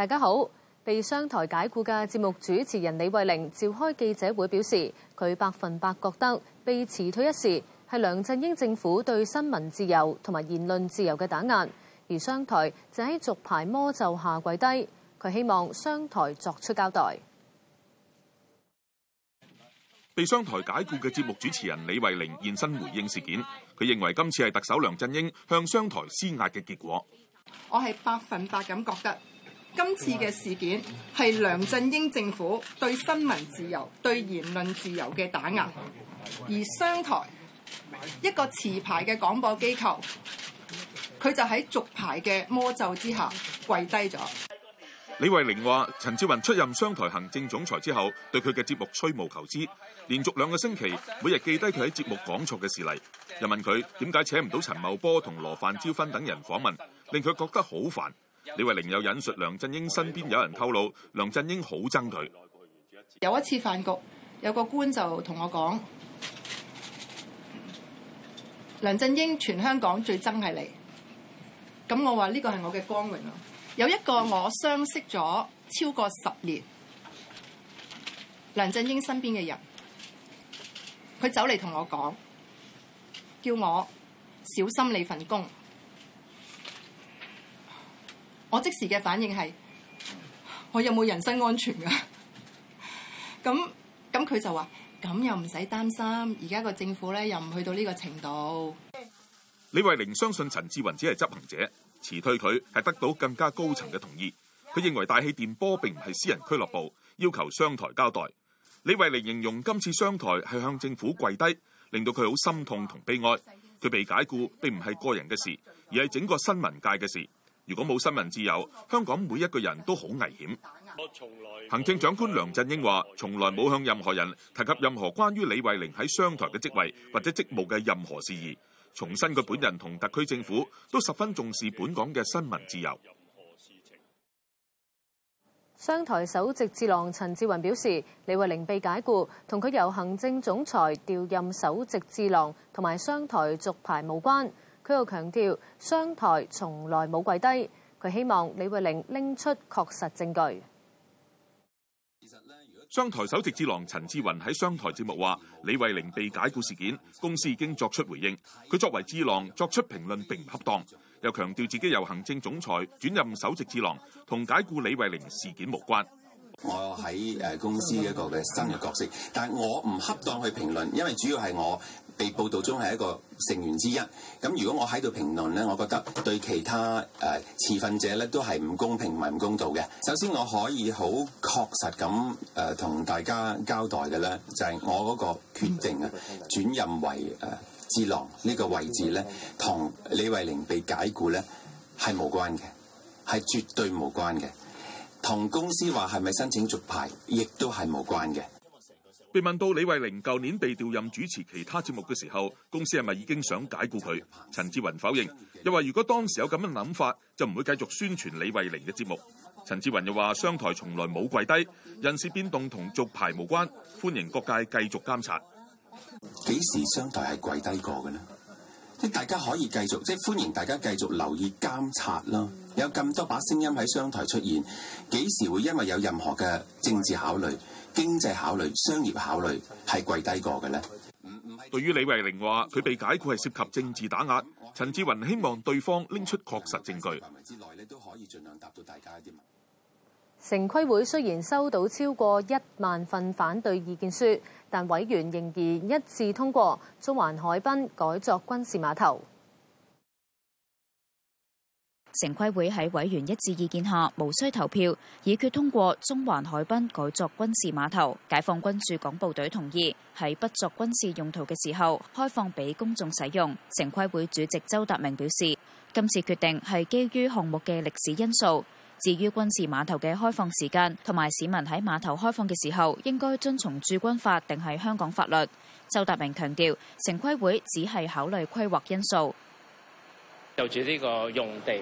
大家好，被商台解僱嘅節目主持人李慧玲召開記者會，表示佢百分百覺得被辭退一事係梁振英政府對新聞自由同埋言論自由嘅打壓，而商台就喺續牌魔咒下跪低。佢希望商台作出交代。被商台解僱嘅節目主持人李慧玲現身回應事件，佢認為今次係特首梁振英向商台施壓嘅結果。我係百分百咁覺得。今次嘅事件係梁振英政府對新聞自由、對言論自由嘅打壓。而商台一個持牌嘅廣播機構，佢就喺續牌嘅魔咒之下跪低咗。李慧玲話，陳志雲出任商台行政總裁之後，對佢嘅節目吹毛求疵，連續兩個星期每日記低佢喺節目講錯嘅事例，又問佢點解請唔到陳茂波同羅范椒芬等人訪問，令佢覺得好煩。李慧玲有引述梁振英身邊有人透露，梁振英好憎佢。有一次飯局，有個官就同我講：梁振英全香港最憎係你。咁我話呢個係我嘅光榮啊！有一個我相識咗超過十年梁振英身邊嘅人，佢走嚟同我講，叫我小心你份工。我即時嘅反應係：我有冇人身安全㗎、啊？咁咁佢就話：咁又唔使擔心，而家個政府咧又唔去到呢個程度。李慧玲相信陳志雲只係執行者，辭退佢係得到更加高層嘅同意。佢認為大氣電波並唔係私人俱樂部，要求商台交代。李慧玲形容今次商台係向政府跪低，令到佢好心痛同悲哀。佢被解雇並唔係個人嘅事，而係整個新聞界嘅事。如果冇新聞自由，香港每一個人都好危險。行政長官梁振英話，從來冇向任何人提及任何關於李慧玲喺商台嘅職位或者職務嘅任何事宜。重申佢本人同特區政府都十分重視本港嘅新聞自由。商台首席智囊陳志雲表示，李慧玲被解雇，同佢由行政總裁調任首席智囊，同埋商台續牌無關。佢強調商台從來冇跪低，佢希望李慧玲拎出確實證據。商台首席智囊陳志雲喺商台節目話：李慧玲被解僱事件，公司已經作出回應。佢作為智囊作出評論並唔恰當，又強調自己由行政總裁轉任首席智囊，同解僱李慧玲事件無關。我喺誒公司一個嘅新嘅角色，但我唔恰當去評論，因為主要係我被報導中係一個成員之一，咁如果我喺度評論咧，我覺得對其他誒、呃、持份者咧都係唔公平同埋唔公道嘅。首先我可以好確實咁誒、呃、同大家交代嘅咧，就係、是、我嗰個決定啊、嗯、轉任為誒智囊呢個位置咧，同李慧玲被解僱咧係無關嘅，係絕對無關嘅，同公司話係咪申請續牌亦都係無關嘅。被問到李慧玲舊年被調任主持其他節目嘅時候，公司係咪已經想解僱佢？陳志雲否認，又話如果當時有咁樣諗法，就唔會繼續宣傳李慧玲嘅節目。陳志雲又話商台從來冇跪低，人事變動同續牌無關，歡迎各界繼續監察。幾時商台係跪低過嘅呢？大家可以繼續，即歡迎大家繼續留意監察啦。有咁多把聲音喺商台出現，幾時會因為有任何嘅政治考慮？經濟考慮、商業考慮係跪低過嘅呢？對於李慧玲話佢被解僱係涉及政治打壓，陳志雲希望對方拎出確實證據。範圍之內咧都可以盡量答到大家一啲。城規會雖然收到超過一萬份反對意見書，但委員仍然一致通過中環海濱改作軍事碼頭。城規會喺委員一致意見下，無需投票，已決通過中環海濱改作軍事碼頭。解放軍駐港部隊同意喺不作軍事用途嘅時候，開放俾公眾使用。城規會主席周達明表示，今次決定係基於項目嘅歷史因素。至於軍事碼頭嘅開放時間同埋市民喺碼頭開放嘅時候，應該遵從駐軍法定係香港法律。周達明強調，城規會只係考慮規劃因素。就住呢個用地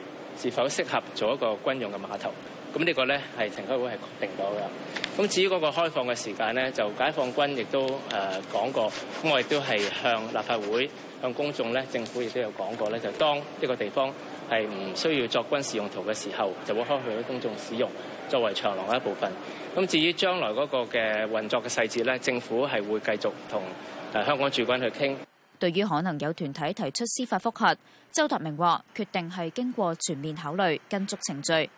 是否適合做一個軍用嘅碼頭，咁呢個呢係城規會係確定咗嘅。咁至於嗰個開放嘅時間呢，就解放軍亦都誒講、呃、過，咁我亦都係向立法會、向公眾呢政府亦都有講過呢，就當一個地方係唔需要作軍事用途嘅時候，就會開去俾公眾使用作為長廊一部分。咁至於將來嗰個嘅運作嘅細節呢，政府係會繼續同香港駐軍去傾。對於可能有團體提出司法覆核，周達明話：決定係經過全面考慮跟足程序。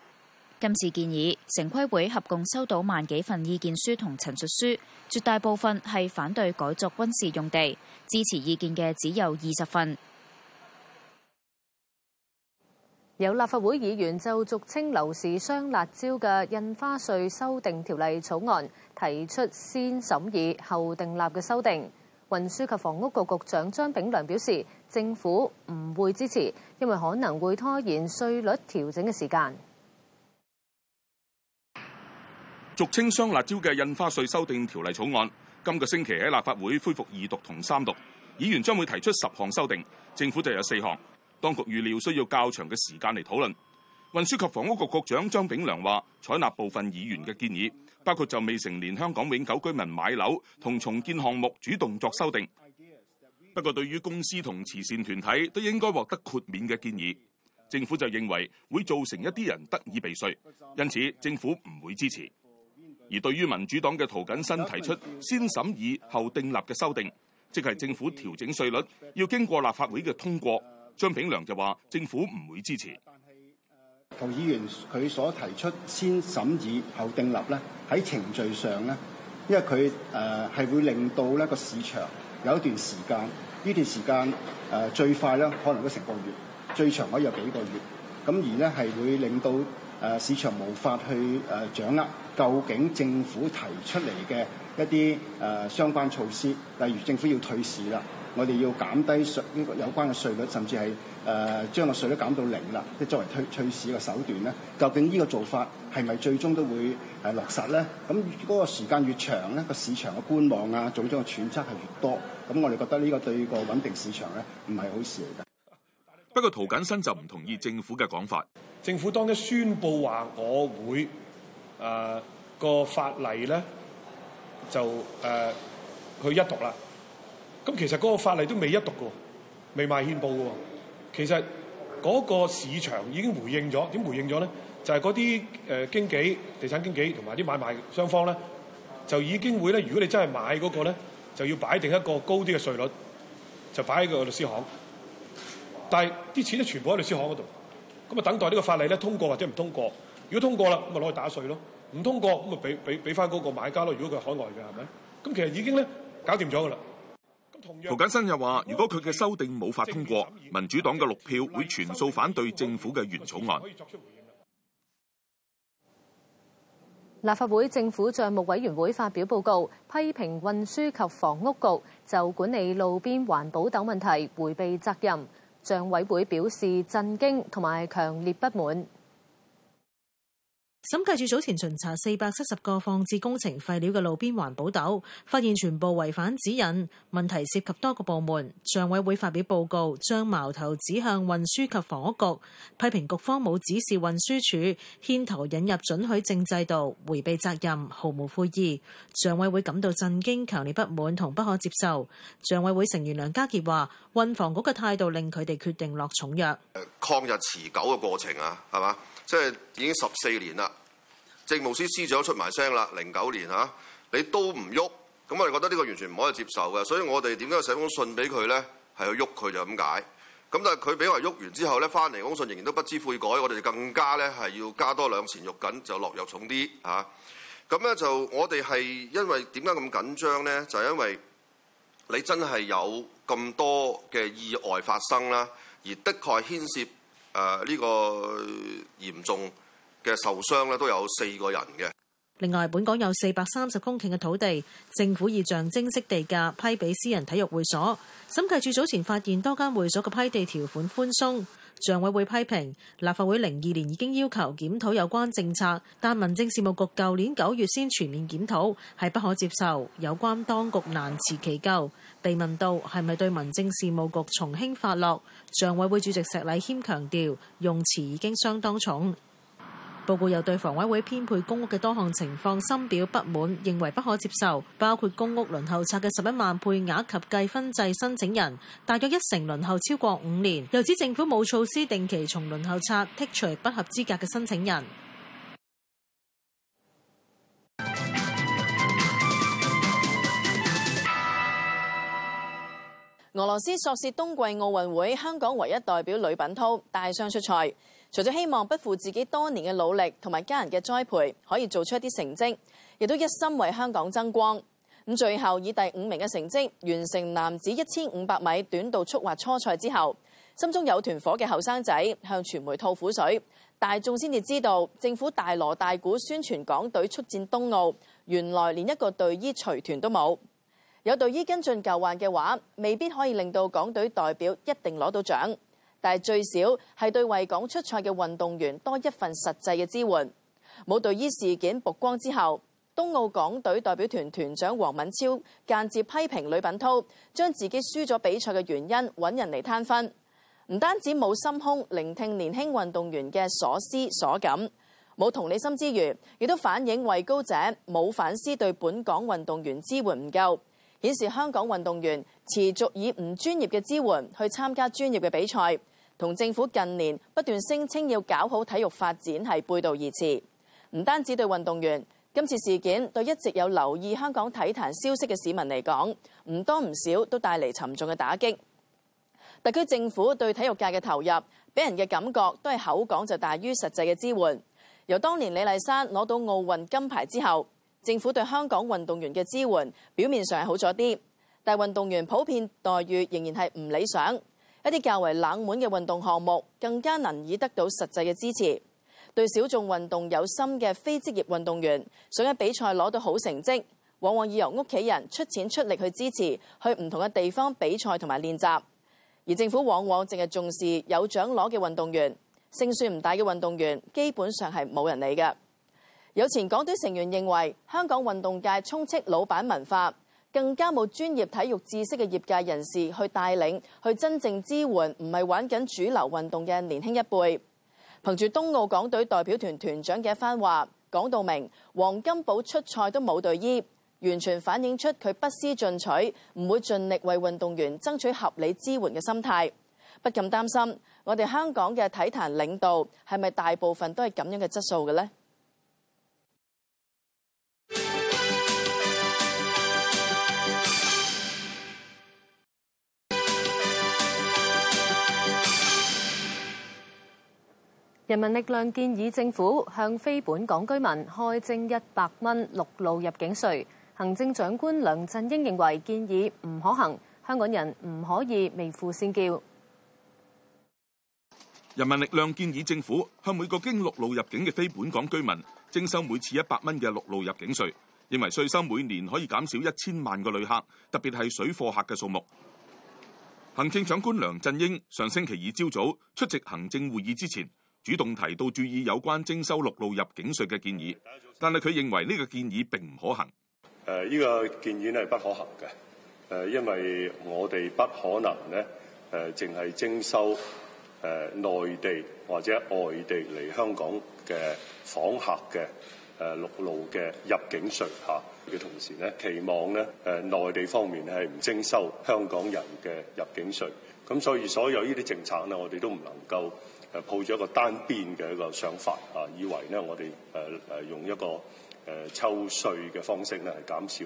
今次建議，城規會合共收到萬幾份意見書同陳述書，絕大部分係反對改作軍事用地，支持意見嘅只有二十份。有立法會議員就俗稱樓市雙辣招嘅印花稅修訂條例草案提出先審議後訂立嘅修訂。運輸及房屋局局長張炳良表示，政府唔會支持，因為可能會拖延稅率調整嘅時間。俗稱雙辣招嘅印花稅修訂條例草案，今個星期喺立法會恢復二讀同三讀，議員將會提出十項修訂，政府就有四項，當局預料需要較長嘅時間嚟討論。運輸及房屋局局長張炳良話：採納部分議員嘅建議，包括就未成年香港永久居民買樓同重建項目主動作修訂。不過，對於公司同慈善團體都應該獲得豁免嘅建議，政府就認為會造成一啲人得以避稅，因此政府唔會支持。而對於民主黨嘅塗謹申提出先審議後訂立嘅修訂，即係政府調整稅率要經過立法會嘅通過，張炳良就話政府唔會支持。求議員佢所提出先審議後訂立咧，喺程序上咧，因為佢誒係會令到呢個市場有一段時間，呢段時間誒最快咧可能都成個月，最長可以有幾個月，咁而咧係會令到誒市場無法去誒掌握究竟政府提出嚟嘅一啲誒相關措施，例如政府要退市啦。我哋要減低稅呢個有關嘅稅率，甚至係誒、呃、將個稅率減到零啦。即作為推退市嘅手段咧，究竟呢個做法係咪最終都會誒落實咧？咁嗰個時間越長咧，個市場嘅觀望啊、種種嘅揣測係越多，咁我哋覺得呢個對個穩定市場咧唔係好事嚟嘅。不過涂謹申就唔同意政府嘅講法。政府當日宣布話，我會誒、呃那個法例咧就誒去、呃、一讀啦。咁其實嗰個法例都未一讀嘅，未賣憲報嘅。其實嗰個市場已經回應咗，點回應咗咧？就係嗰啲誒經紀、地產經紀同埋啲買賣雙方咧，就已經會咧。如果你真係買嗰個咧，就要擺定一個高啲嘅稅率，就擺喺個律師行。但係啲錢呢，全部喺律師行嗰度，咁啊等待呢個法例咧通過或者唔通過。如果通過啦，咁咪攞去打稅咯；唔通過，咁咪俾俾俾翻嗰個買家咯。如果佢係海外嘅，係咪？咁其實已經咧搞掂咗嘅啦。涂謹申又話，如果佢嘅修訂冇法通過，民主黨嘅六票會全數反對政府嘅原草案。立法會政府帳目委員會發表報告，批評運輸及房屋局就管理路邊環保斗問題迴避責任。帳委會表示震驚同埋強烈不滿。審計署早前巡查四百七十個放置工程廢料嘅路邊環保斗，發現全部違反指引，問題涉及多個部門。帳委會發表報告，將矛頭指向運輸及房屋局，批評局方冇指示運輸署牽頭引入准許證制度，回避責任，毫無悔意。帳委會感到震驚、強烈不滿同不可接受。帳委會成員梁家傑話：運房局嘅態度令佢哋決定落重藥。抗日持久嘅過程啊，係咪？即係已經十四年啦，政務司司長出埋聲啦，零九年嚇，你都唔喐，咁我哋覺得呢個完全唔可以接受嘅，所以我哋點解要寫封信俾佢咧，係要喐佢就咁解。咁但係佢俾我喐完之後咧，翻嚟封信仍然都不知悔改，我哋更加咧係要加多兩錢肉緊，就落藥重啲嚇。咁、啊、咧就我哋係因為點解咁緊張咧？就係、是、因為你真係有咁多嘅意外發生啦，而的確牽涉。誒呢、啊呢個嚴重嘅受傷咧，都有四個人嘅。另外，本港有四百三十公頃嘅土地，政府以象徵式地價批俾私人體育會所。審計署早前發現多間會所嘅批地條款寬鬆。帳委會批評立法會零二年已經要求檢討有關政策，但民政事務局舊年九月先全面檢討，係不可接受。有關當局難辭其咎。被問到係咪對民政事務局從輕發落，帳委會主席石禮謙強調用詞已經相當重。報告又對房委會編配公屋嘅多項情況深表不滿，認為不可接受，包括公屋輪候冊嘅十一萬配額及計分制申請人，大約一成輪候超過五年。又指政府冇措施定期從輪候冊剔除不合資格嘅申請人。俄羅斯索士冬季奧運會香港唯一代表呂品濤帶傷出賽。除咗希望不負自己多年嘅努力同埋家人嘅栽培，可以做出一啲成績，亦都一心為香港爭光。咁最後以第五名嘅成績完成男子一千五百米短道速滑初賽之後，心中有團火嘅後生仔向傳媒吐苦水，大眾先至知道政府大鑼大鼓宣傳港隊出戰冬奧，原來連一個隊醫隨團都冇。有隊醫跟進舊患嘅話，未必可以令到港隊代表一定攞到獎。但係最少係對為港出賽嘅運動員多一份實際嘅支援。冇隊醫事件曝光之後，東澳港隊代表團團長黃敏超間接批評呂品濤將自己輸咗比賽嘅原因揾人嚟攤分，唔單止冇心胸聆聽年輕運動員嘅所思所感，冇同理心之餘，亦都反映位高者冇反思對本港運動員支援唔夠，顯示香港運動員持續以唔專業嘅支援去參加專業嘅比賽。同政府近年不斷聲稱要搞好體育發展係背道而馳，唔單止對運動員，今次事件對一直有留意香港體壇消息嘅市民嚟講，唔多唔少都帶嚟沉重嘅打擊。特區政府對體育界嘅投入，俾人嘅感覺都係口講就大於實際嘅支援。由當年李麗珊攞到奧運金牌之後，政府對香港運動員嘅支援表面上係好咗啲，但運動員普遍待遇仍然係唔理想。一啲較為冷門嘅運動項目，更加難以得到實際嘅支持。對小眾運動有心嘅非職業運動員，想喺比賽攞到好成績，往往要由屋企人出錢出力去支持，去唔同嘅地方比賽同埋練習。而政府往往淨係重視有獎攞嘅運動員，勝算唔大嘅運動員，基本上係冇人理㗎。有前港隊成員認為，香港運動界充斥老闆文化。更加冇專業體育知識嘅業界人士去帶領，去真正支援，唔係玩緊主流運動嘅年輕一輩。憑住東澳港隊代表團團長嘅一番話講到明，黃金寶出賽都冇隊醫，完全反映出佢不思進取，唔會盡力為運動員爭取合理支援嘅心態。不禁擔心，我哋香港嘅體壇領導係咪大部分都係咁樣嘅質素嘅呢？人民力量建議政府向非本港居民開徵一百蚊陸路入境稅。行政長官梁振英認為建議唔可行，香港人唔可以未富先驕。人民力量建議政府向每個經陸路入境嘅非本港居民徵收每次一百蚊嘅陸路入境稅，認為稅收每年可以減少一千萬個旅客，特別係水貨客嘅數目。行政長官梁振英上星期二朝早出席行政會議之前。主動提到注意有關徵收陸路入境稅嘅建議，但係佢認為呢個建議並唔可行。誒，呢個建議係不可行嘅。誒，因為我哋不可能咧，誒，淨係徵收誒內地或者外地嚟香港嘅訪客嘅誒陸路嘅入境稅嚇。嘅同時咧，期望咧誒內地方面係唔徵收香港人嘅入境稅。咁所以所有呢啲政策呢我哋都唔能夠。誒抱咗一個單邊嘅一個想法，啊，以為咧我哋誒誒用一個誒抽、呃、稅嘅方式咧，係減少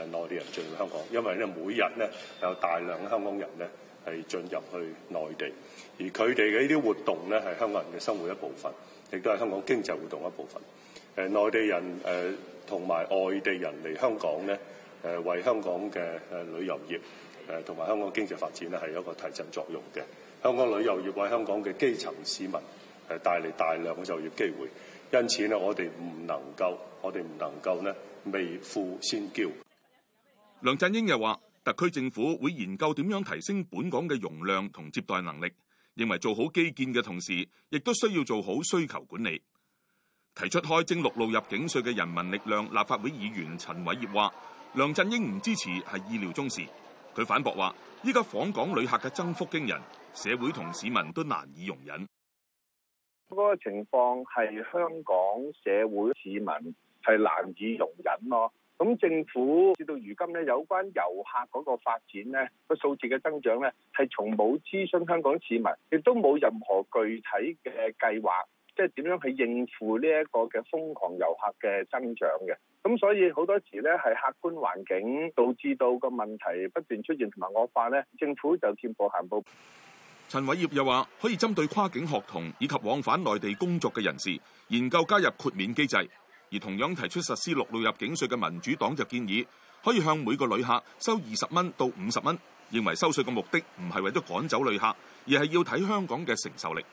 誒內、呃、地人進入香港，因為咧每日咧有大量嘅香港人咧係進入去內地，而佢哋嘅呢啲活動咧係香港人嘅生活一部分，亦都係香港經濟活動一部分。誒、呃、內地人誒同埋外地人嚟香港咧，誒、呃、為香港嘅誒旅遊業誒同埋香港經濟發展咧係有一個提振作用嘅。香港旅遊業為香港嘅基層市民係帶嚟大量嘅就業機會，因此呢我哋唔能夠，我哋唔能夠呢未富先驕。梁振英又話，特區政府會研究點樣提升本港嘅容量同接待能力，認為做好基建嘅同時，亦都需要做好需求管理。提出開徵陸路入境稅嘅人民力量立法會議員陳偉業話，梁振英唔支持係意料中事。佢反駁話，依家訪港旅客嘅增幅驚人。社會同市民都難以容忍嗰個情況，係香港社會市民係難以容忍咯。咁政府至到如今呢，有關遊客嗰個發展呢，個數字嘅增長呢，係從冇諮詢香港市民，亦都冇任何具體嘅計劃，即係點樣去應付呢一個嘅瘋狂遊客嘅增長嘅。咁所以好多時呢，係客觀環境導致到個問題不斷出現同埋惡化呢，政府就見步行步。陳偉業又話，可以針對跨境學童以及往返內地工作嘅人士，研究加入豁免機制。而同樣提出實施陸路入境稅嘅民主黨就建議，可以向每個旅客收二十蚊到五十蚊，認為收稅嘅目的唔係為咗趕走旅客，而係要睇香港嘅承受力。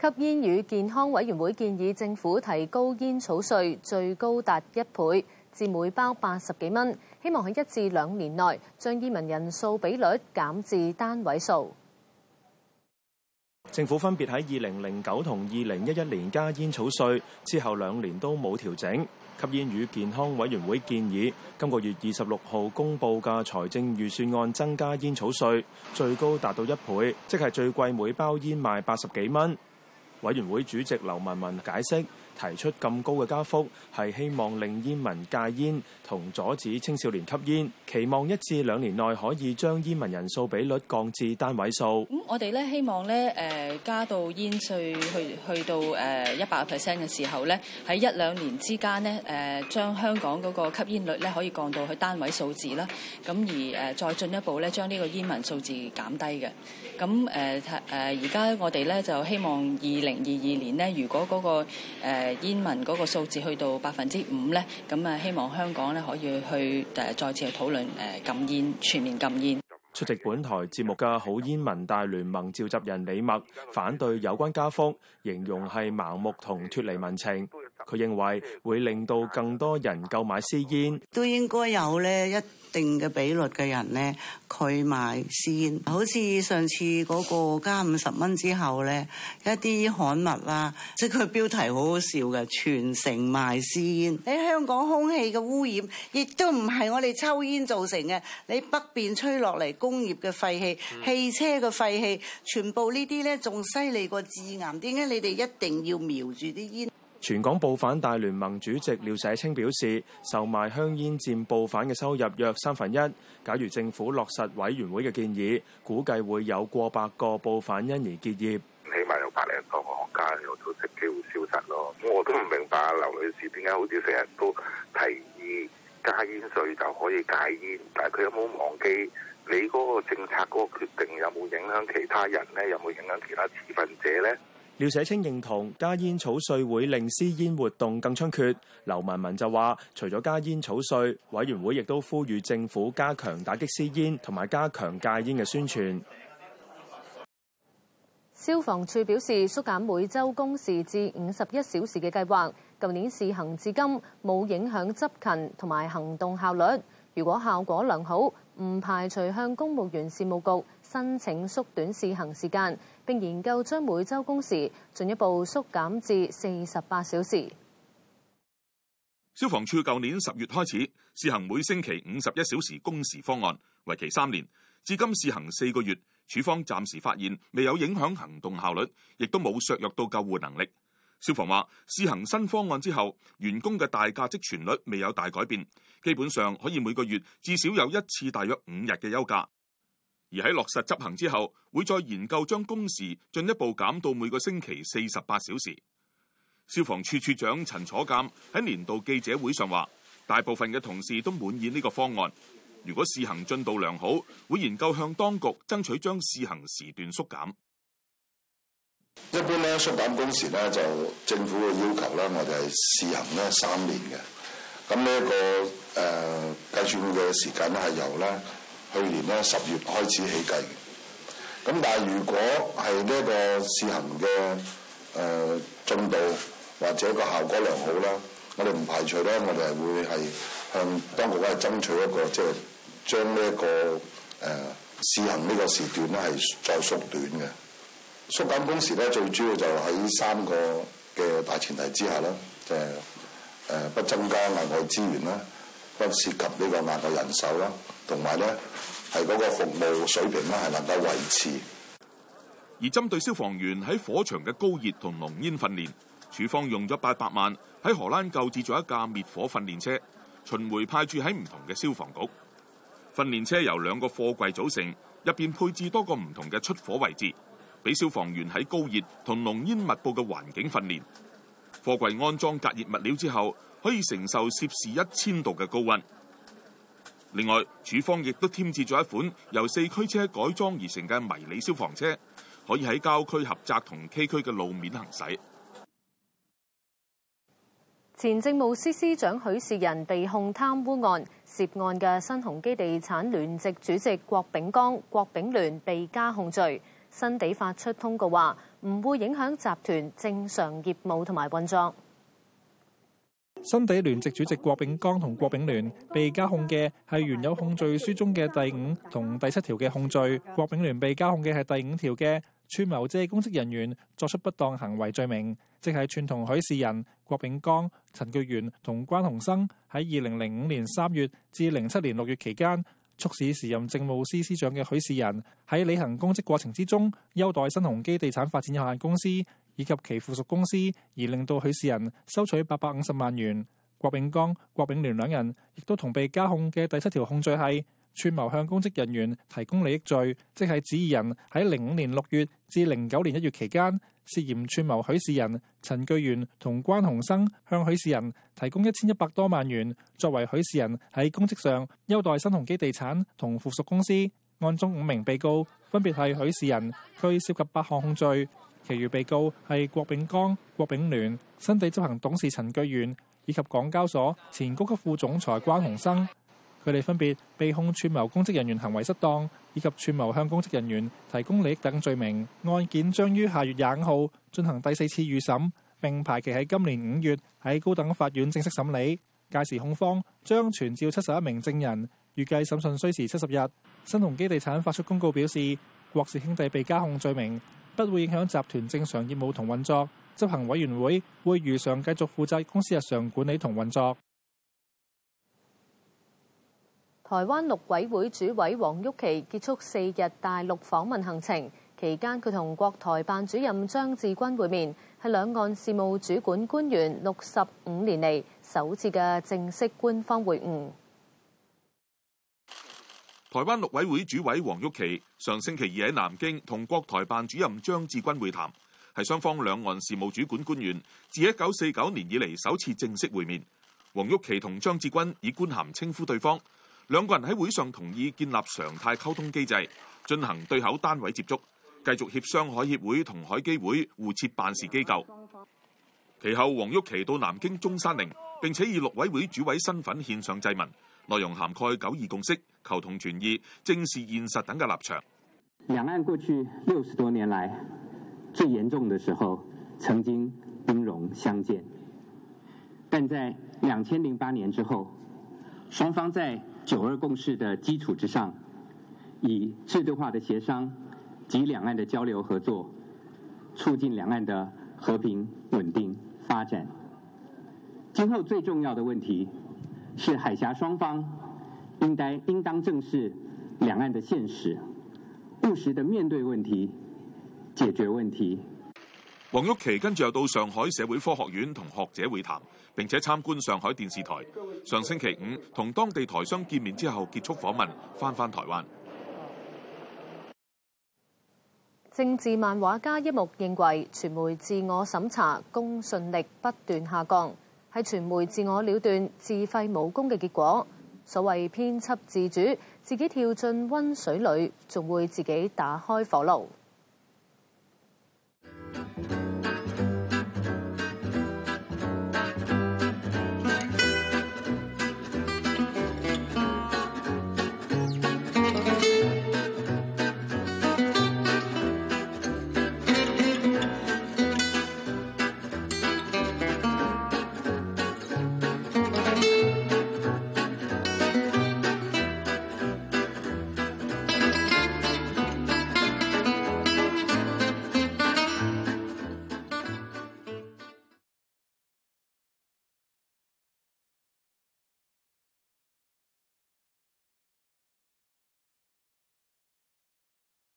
吸煙與健康委員會建議政府提高煙草稅最高達一倍。至每包八十幾蚊，希望喺一至兩年內將煙民人數比率減至單位數。政府分別喺二零零九同二零一一年加煙草稅，之後兩年都冇調整。吸煙與健康委員會建議今個月二十六號公布嘅財政預算案增加煙草稅，最高達到一倍，即係最貴每包煙賣八十幾蚊。委員會主席劉文文解釋。提出咁高嘅加幅，係希望令煙民戒煙同阻止青少年吸煙，期望一至兩年內可以將煙民人數比率降至單位數。咁我哋咧希望咧誒、呃、加到煙稅去去到誒一百 percent 嘅時候咧，喺一兩年之間咧誒將香港嗰個吸煙率咧可以降到去單位數字啦。咁而誒、呃、再進一步咧將呢將呢個煙民數字減低嘅。咁誒誒而家我哋咧就希望二零二二年呢，如果嗰、嗰個誒煙民嗰個數字去到百分之五咧，咁啊希望香港咧可以去誒再次去討論、呃、禁煙，全面禁煙。出席本台節目嘅好煙民大聯盟召集人李默反對有關加幅，形容係盲目同脫離民情。佢認為會令到更多人購買私煙，都應該有咧一定嘅比率嘅人咧，佢賣私煙。好似上次嗰個加五十蚊之後咧，一啲刊物啦、啊，即係佢標題好好笑嘅，全城賣私煙。喺、嗯、香港空氣嘅污染，亦都唔係我哋抽煙造成嘅。你北邊吹落嚟工業嘅廢氣、汽車嘅廢氣，全部這些呢啲咧仲犀利過致癌。點解你哋一定要瞄住啲煙？全港報販大聯盟主席廖社清表示，售賣香煙佔報販嘅收入約三分一。假如政府落實委員會嘅建議，估計會有過百個報販因而結業，起碼有百零個學家有組織機會消失咯。我都唔明白啊，劉女士點解好似成日都提議加煙稅就可以戒煙，但係佢有冇忘記你嗰個政策嗰個決定有冇影響其他人咧？有冇影響其他持份者咧？廖社青認同加煙草稅會令私煙活動更猖獗。劉文文就話：除咗加煙草稅，委員會亦都呼籲政府加強打擊私煙同埋加強戒煙嘅宣傳。消防處表示縮減每周工時至五十一小時嘅計劃，舊年試行至今冇影響執勤同埋行動效率。如果效果良好，唔排除向公務員事務局申請縮短試行時間，並研究將每週工時進一步縮減至四十八小時。消防處舊年十月開始試行每星期五十一小時工時方案，為期三年。至今試行四個月，處方暫時發現未有影響行動效率，亦都冇削弱到救護能力。消防話，試行新方案之後，員工嘅大假積存率未有大改變，基本上可以每個月至少有一次大約五日嘅休假。而喺落實執行之後，會再研究將工時進一步減到每個星期四十八小時。消防處處長陳楚鑒喺年度記者會上話，大部分嘅同事都滿意呢個方案。如果試行進度良好，會研究向當局爭取將試行時段縮減。一般咧，縮減工時咧，就政府嘅要求啦。我哋係試行咧三年嘅。咁、這個呃、呢一個誒計算嘅時間咧係由咧。去年咧十月開始起計，咁但係如果係呢一個試行嘅誒進度或者個效果良好啦，我哋唔排除咧，我哋係會係向當局咧爭取一個即係、就是、將呢一個誒試行呢個時段咧係再縮短嘅縮減工時咧，最主要就喺三個嘅大前提之下啦，即係誒不增加額外資源啦。涉及呢個難嘅人手啦，同埋呢係嗰個服務水平咧，係能夠維持。而針對消防員喺火場嘅高熱同濃煙訓練，署方用咗八百萬喺荷蘭購置咗一架滅火訓練車，巡迴派駐喺唔同嘅消防局。訓練車由兩個貨櫃組成，入邊配置多個唔同嘅出火位置，俾消防員喺高熱同濃煙密佈嘅環境訓練。貨櫃安裝隔熱物料之後，可以承受攝氏一千度嘅高溫。另外，處方亦都添置咗一款由四驅車改裝而成嘅迷你消防車，可以喺郊區狹窄同崎嶇嘅路面行駛。前政務司司長許仕仁被控貪污案，涉案嘅新鴻基地產聯席主席郭炳江、郭炳聯被加控罪。新地發出通告話，唔會影響集團正常業務同埋運作。新地聯席主席郭炳江同郭炳聯被加控嘅係原有控罪書中嘅第五同第七條嘅控罪。郭炳聯被加控嘅係第五條嘅串謀借公職人員作出不當行為罪名，即係串同許仕仁、郭炳江、陳巨源同關雄生喺二零零五年三月至零七年六月期間，促使時任政務司司長嘅許仕仁喺履行公職過程之中，優待新鴻基地產發展有限公司。以及其附屬公司，而令到許仕仁收取八百五十萬元。郭炳江、郭炳聯兩人亦都同被加控嘅第七條控罪係串謀向公職人員提供利益罪，即係指二人喺零五年六月至零九年一月期間，涉嫌串謀許仕仁、陳巨源同關洪生向許仕仁提供一千一百多萬元，作為許仕仁在職，喺公職上優待新鴻基地產同附屬公司。案中五名被告分別係許仕仁，佢涉及八項控罪。其餘被告係郭炳江、郭炳聯、新地執行董事陳钜源，以及港交所前高級副總裁關洪生，佢哋分別被控串謀公職人員行為失當以及串謀向公職人員提供利益等罪名。案件將於下月廿五號進行第四次預審，並排期喺今年五月喺高等法院正式審理。屆時控方將傳召七十一名證人，預計審訊需時七十日。新鴻基地產發出公告表示，郭氏兄弟被加控罪名，不會影響集團正常業務同運作，執行委員會會如常繼續負責公司日常管理同運作。台灣陸委會主委王郁琦結束四日大陸訪問行程期間，佢同國台辦主任張志軍會面，係兩岸事務主管官員六十五年嚟首次嘅正式官方會晤。台灣陸委會，主委王郁琦上星期二喺南京同國台辦主任張志軍會談，係雙方兩岸事務主管官員自一九四九年以嚟首次正式會面。王郁琦同張志軍以官銜稱呼對方，兩個人喺會上同意建立常態溝通機制，進行對口單位接觸，繼續協商海協會同海基會互設辦事機構。其後，王郁琦到南京中山陵，並且以陸委會主委身份獻上祭文，內容涵蓋九二共識。求同存異，正視現實等嘅立場。兩岸過去六十多年來最嚴重的時候，曾經兵戎相見，但在兩千零八年之後，雙方在“九二共識”的基礎之上，以制度化的協商及兩岸的交流合作，促進兩岸的和平、穩定、發展。今後最重要的問題，是海峽雙方。應該應當正視兩岸的現實，務實的面對問題，解決問題。王郁琦跟住又到上海社會科學院同學者會談，並且參觀上海電視台。上星期五同當地台商見面之後結束訪問，翻返台灣。政治漫畫家一目認為傳媒自我審查公信力不斷下降，係傳媒自我了斷自廢武功嘅結果。所謂編輯自主，自己跳進溫水裏，仲會自己打開火爐。